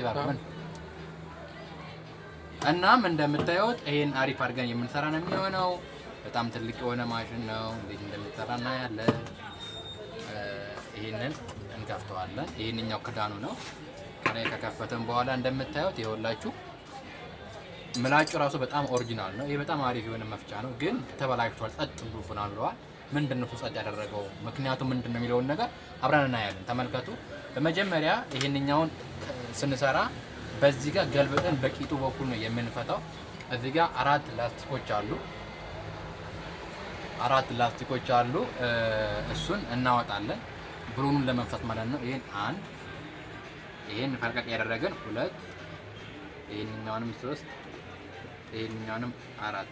ይባክመን እናም እንደምታዩት ይሄን አሪፍ አድርገን የምንሰራ ነው የሚሆነው። በጣም ትልቅ የሆነ ማሽን ነው። እንዴት እንደምትሰራ እናያለን። ይሄንን እንከፍተዋለን። ይሄንኛው ክዳኑ ነው። ከላይ ከከፈተን በኋላ እንደምታዩት ይኸውላችሁ ምላጩ ራሱ በጣም ኦሪጂናል ነው። ይሄ በጣም አሪፍ የሆነ መፍጫ ነው፣ ግን ተበላሽቷል። ጸጥ ብሎብናል ብለዋል። ምንድን ነው ጸጥ ያደረገው ምክንያቱ ምንድን ነው የሚለውን ነገር አብረን እናያለን። ተመልከቱ። በመጀመሪያ ይሄንኛውን ስንሰራ በዚህ ጋር ገልብጠን በቂጡ በኩል ነው የምንፈታው። እዚህ ጋር አራት ላስቲኮች አሉ አራት ላስቲኮች አሉ። እሱን እናወጣለን ብሩኑን ለመንፈት ማለት ነው። ይሄን አንድ ይሄን ፈልቀቅ ያደረገን ሁለት ይሄንኛውንም ሶስት ይሄንኛውንም አራት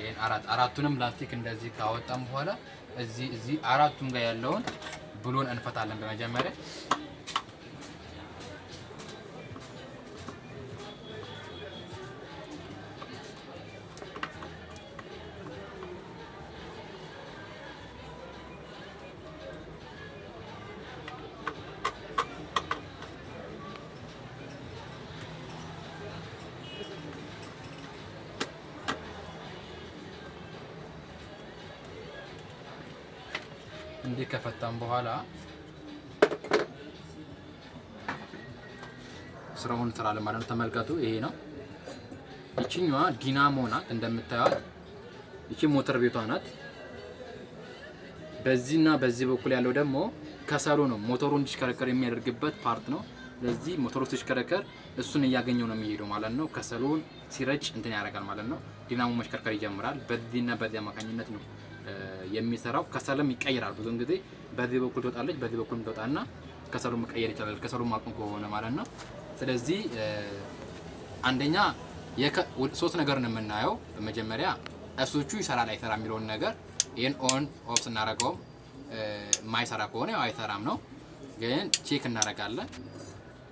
ይሄን አራት አራቱንም ላስቲክ እንደዚህ ካወጣም በኋላ እዚህ እዚህ አራቱም ጋር ያለውን ብሎን እንፈታለን በመጀመሪያ እንዲህ ከፈታም በኋላ ስራውን እንሰራለን ማለት ነው። ተመልከቱ፣ ይሄ ነው። ይችኛዋ ዲናሞ ናት እንደምታዩት። ይቺ ሞተር ቤቷ ናት። በዚህና በዚህ በኩል ያለው ደግሞ ከሰሉ ነው። ሞተሩ እንዲሽከረከር የሚያደርግበት ፓርት ነው። ለዚህ ሞተሩ ሲሽከረከር እሱን እያገኘው ነው የሚሄደው ማለት ነው። ከሰሉን ሲረጭ እንትን ያደርጋል ማለት ነው። ዲናሞ መሽከርከር ይጀምራል። በዚህና በዚህ አማካኝነት ነው የሚሰራው ከሰልም ይቀይራል። ብዙ ጊዜ በዚህ በኩል ትወጣለች፣ በዚህ በኩል ትወጣና ከሰሉ መቀየር ይችላል። ከሰሉ ማቆም ከሆነ ማለት ነው። ስለዚህ አንደኛ ሶስት ነገር ነው የምናየው። በመጀመሪያ እሱቹ ይሰራል አይሰራ የሚለውን ነገር ይህን ኦን ኦፍ ስናደርገውም የማይሰራ ከሆነ አይሰራም ነው፣ ግን ቼክ እናደርጋለን።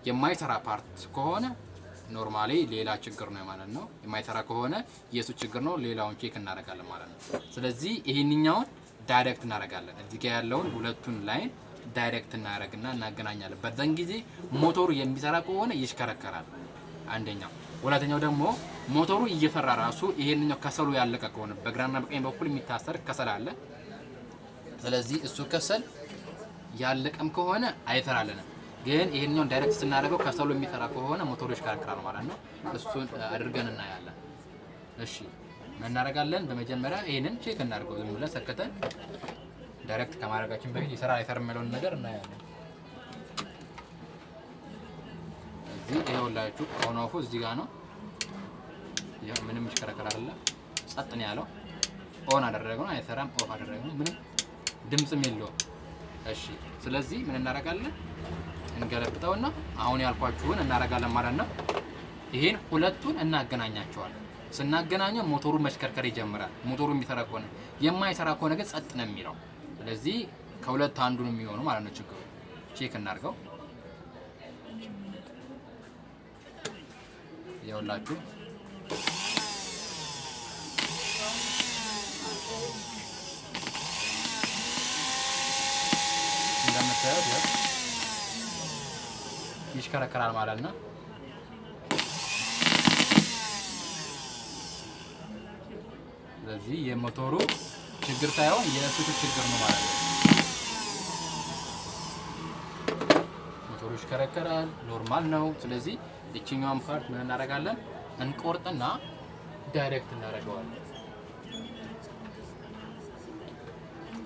የማይሰራ ፓርት ከሆነ ኖርማሊ ሌላ ችግር ነው ማለት ነው። የማይሰራ ከሆነ የእሱ ችግር ነው፣ ሌላውን ቼክ እናደርጋለን ማለት ነው። ስለዚህ ይህንኛውን ዳይሬክት እናደርጋለን። እዚህ ጋር ያለውን ሁለቱን ላይን ዳይሬክት እናደርግና እናገናኛለን። በዛን ጊዜ ሞተሩ የሚሰራ ከሆነ ይሽከረከራል። አንደኛው ሁለተኛው ደግሞ ሞተሩ እየሰራ ራሱ ይሄንኛው ከሰሉ ያለቀ ከሆነ በግራና በቀኝ በኩል የሚታሰር ከሰል አለ። ስለዚህ እሱ ከሰል ያለቀም ከሆነ አይተራለንም። ግን ይሄኛውን ዳይሬክት ስናደርገው ከሰሉ የሚሰራ ከሆነ ሞተሮች ጋር ክራር ማለት ነው። እሱን አድርገን እናያለን። እሺ እናደርጋለን። በመጀመሪያ ይሄንን ቼክ እናድርገው። ዝም ብለን ሰክተን ዳይሬክት ከማድረጋችን በፊት ይሰራ አይሰራም የሚለውን ነገር እናያለን። እዚህ ይኸውላችሁ ኦን ኦፍ እዚህ ጋር ነው። ይሄ ምንም ይሽከረከር አይደለ፣ ጸጥ ነው ያለው። ኦን አደረግነው አይሰራም፣ ኦፍ አደረግነው ምንም ድምጽም የለውም። እሺ ስለዚህ ምን እናደርጋለን? እንገለብጠውና አሁን ያልኳችሁን እናደርጋለን ማለት ነው። ይሄን ሁለቱን እናገናኛቸዋለን። ስናገናኘው ሞተሩ መሽከርከር ይጀምራል። ሞተሩ የሚሰራ ከሆነ የማይሰራ ከሆነ ግን ጸጥ ነው የሚለው። ስለዚህ ከሁለት አንዱን የሚሆኑ ማለት ነው ችግሩ። ቼክ እናርገው ያውላችሁ እንደምታዩት ይሽከረከራል ማለት ነው። ስለዚህ የሞቶሩ ችግር ሳይሆን የእሱቱ ችግር ነው ማለት ነው። ሞቶሩ ይሽከረከራል፣ ኖርማል ነው። ስለዚህ ይችኛዋን ፓርት ምን እናደርጋለን? እንቆርጥና ዳይሬክት እናደርገዋለን።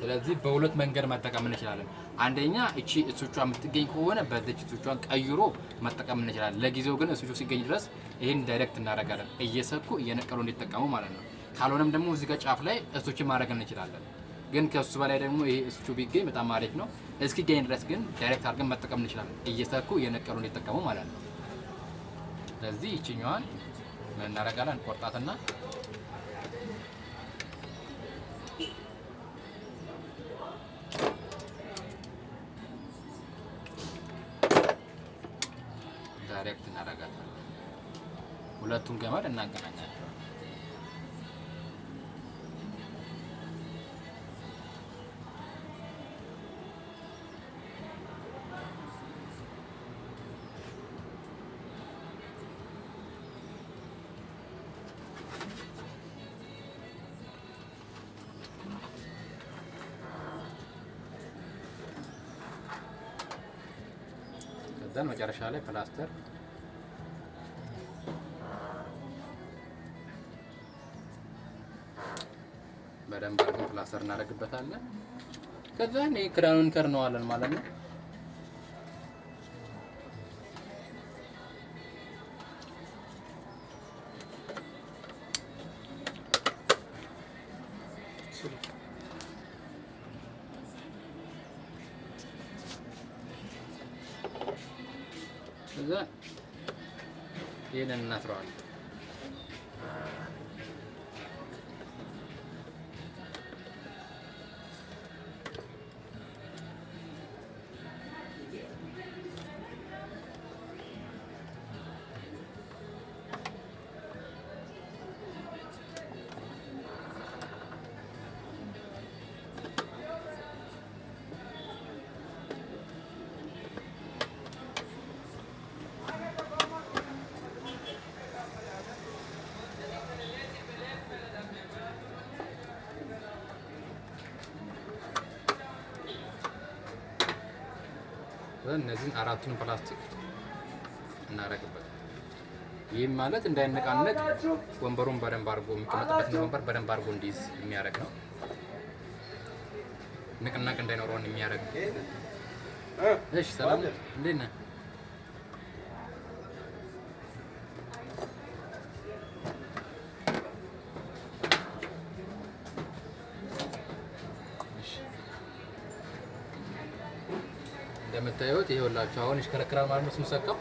ስለዚህ በሁለት መንገድ መጠቀም እንችላለን። አንደኛ እቺ እሶቿ የምትገኝ ከሆነ በደጅ እሶቿን ቀይሮ መጠቀም እንችላለን። ለጊዜው ግን እሶቹ ሲገኝ ድረስ ይህን ዳይሬክት እናደርጋለን፣ እየሰኩ እየነቀሉ እንዲጠቀሙ ማለት ነው። ካልሆነም ደግሞ እዚህ ጋር ጫፍ ላይ እሶችን ማድረግ እንችላለን። ግን ከሱ በላይ ደግሞ ይሄ እሶቹ ቢገኝ በጣም አሪፍ ነው። እስኪገኝ ድረስ ግን ዳይሬክት አድርገን መጠቀም እንችላለን፣ እየሰኩ እየነቀሉ እንዲጠቀሙ ማለት ነው። ስለዚህ ይችኛዋን ምን እናደርጋለን? ቆርጣትና ዳይሬክት እናደርጋታለን። ሁለቱን ገመድ እናገናኛለን። ሰጠን መጨረሻ ላይ ፕላስተር በደንብ አድርገን ፕላስተር እናደርግበታለን። ከዛ ክዳኑን ከርነዋለን ማለት ነው። ይህንን እናስረዋለን። አውጥተን እነዚህን አራቱን ፕላስቲክ እናረግበት። ይህም ማለት እንዳይነቃነቅ ወንበሩን በደንብ አድርጎ የሚቀመጥበት ወንበር በደንብ አርጎ እንዲይዝ የሚያደርግ ነው። ንቅናቅ እንዳይኖረውን የሚያደርግ እሺ። ሰላም እንዴት ነህ? እንደምታዩት ይኸውላችሁ አሁን ይሽከረከራል ማለት ነው ስንሰካው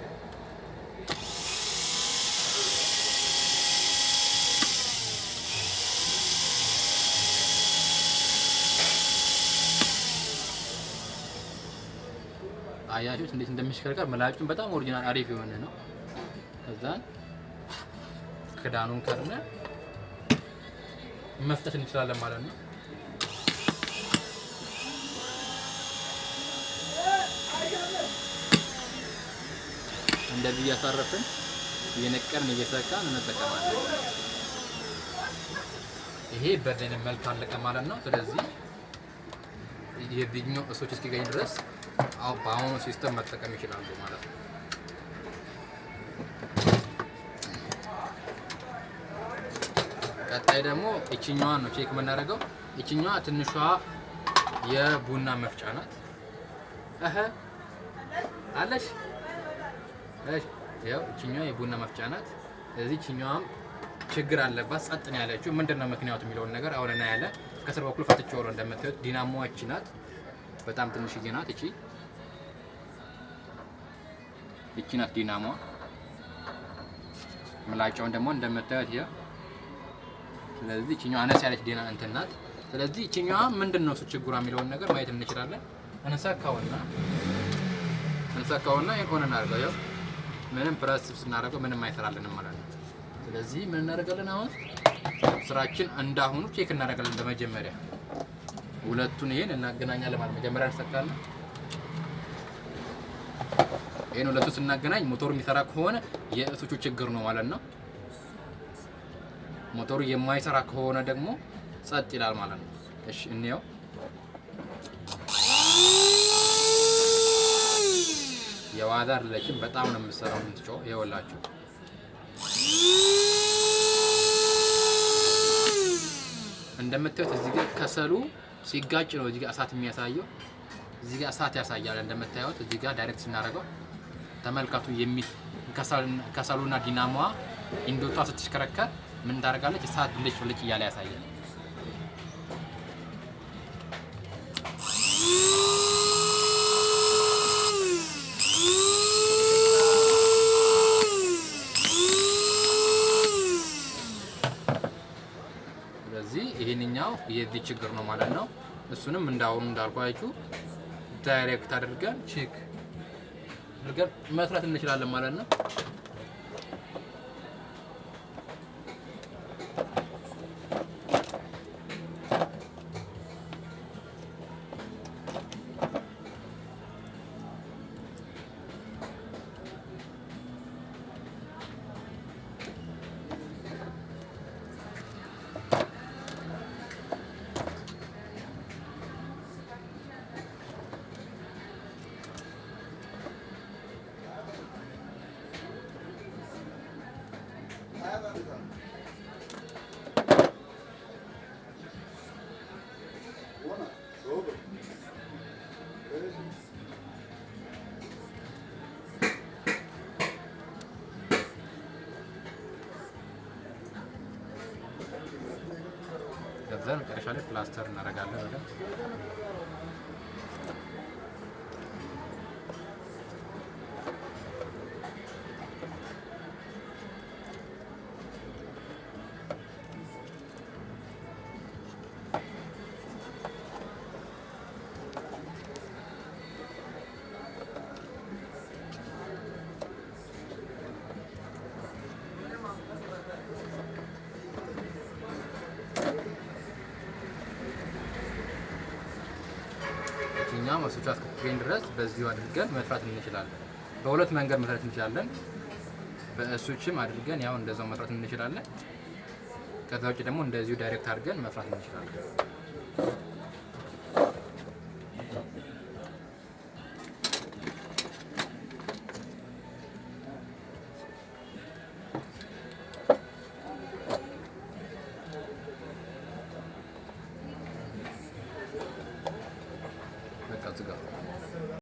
አያችሁት እንዴት እንደሚሽከረከር መላጭም በጣም ኦሪጂናል አሪፍ የሆነ ነው። ከዛን ክዳኑን ከርነ መፍጠት እንችላለን ማለት ነው። እንደዚህ እያሳረፍን እየነቀርን እየሰካን እንጠቀማለን። ይሄ በርዴን መልክ አለቀ ማለት ነው። ስለዚህ የዚህኛው እሶች እስኪገኝ ድረስ በአሁኑ ሲስተም መጠቀም ይችላሉ ማለት ነው። ቀጣይ ደግሞ እችኛዋን ነው ቼክ የምናደርገው። እችኛዋ ትንሿ የቡና መፍጫ ናት። አለሽ ያው የቡና መፍጫ ናት። ስለዚህ እችኛዋም ችግር አለባት፣ ጸጥ ነው ያለችው። ምንድን ነው ምክንያቱ የሚለውን ነገር አሁን እናያለን። ከስር በኩል ፈትቼው ወሮ እንደምታዩት ዲናሞች ናት። በጣም ትንሽዬ ናት። እቺ እቺ ናት ዲናሟ። ምላጫውን ደግሞ እንደምታዩት ይሄ። ስለዚህ እቺኛዋ አነስ ያለች ዲና እንትን ናት። ስለዚህ እቺኛዋ ምንድን ነው እሱ ችግሯ የሚለውን ነገር ማየት እንችላለን። እንሰካውና እንሰካውና ይሄን ሆነን አድርገው ምንም ፕረስ ስናደርገው ምንም አይሰራልንም ማለት ነው። ስለዚህ ምን እናደርጋለን? አሁን ስራችን እንዳሁኑ ቼክ እናደርጋለን። በመጀመሪያ ሁለቱን ይሄን እናገናኛለን ማለት መጀመሪያ እንሰካለን። ይሄን ሁለቱን ስናገናኝ ሞተሩ የሚሰራ ከሆነ የእሱቹ ችግር ነው ማለት ነው። ሞተሩ የማይሰራ ከሆነ ደግሞ ጸጥ ይላል ማለት ነው። እሺ እንየው። የዋዛ አይደለችም። በጣም ነው የምትሰራው የምትጮህ። ይኸውላችሁ እንደምታዩት እዚህ ጋር ከሰሉ ሲጋጭ ነው እዚህ ጋር እሳት የሚያሳየው። እዚህ ጋር እሳት ያሳያል እንደምታዩት። እዚህ ጋር ዳይሬክት ስናደርገው ተመልከቱ። ከሰሉና ዲናሞዋ ኢንዶቷ ስትሽከረከር ምን ታደርጋለች? እሳት ብልጭ ብልጭ እያለ ያሳያል። ዋናው የዚህ ችግር ነው ማለት ነው። እሱንም እንዳሁኑ እንዳልኳችሁ ዳይሬክት አድርገን ቼክ አድርገን መስራት እንችላለን ማለት ነው። ከዛ መጨረሻ ላይ ፕላስተር እናደርጋለን። እሱቻ እስክትገኝ ድረስ በዚሁ አድርገን መስራት እንችላለን። በሁለት መንገድ መስራት እንችላለን። በእሱችም አድርገን ያው እንደዛው መስራት እንችላለን። ከዛ ውጭ ደግሞ እንደዚሁ ዳይሬክት አድርገን መስራት እንችላለን።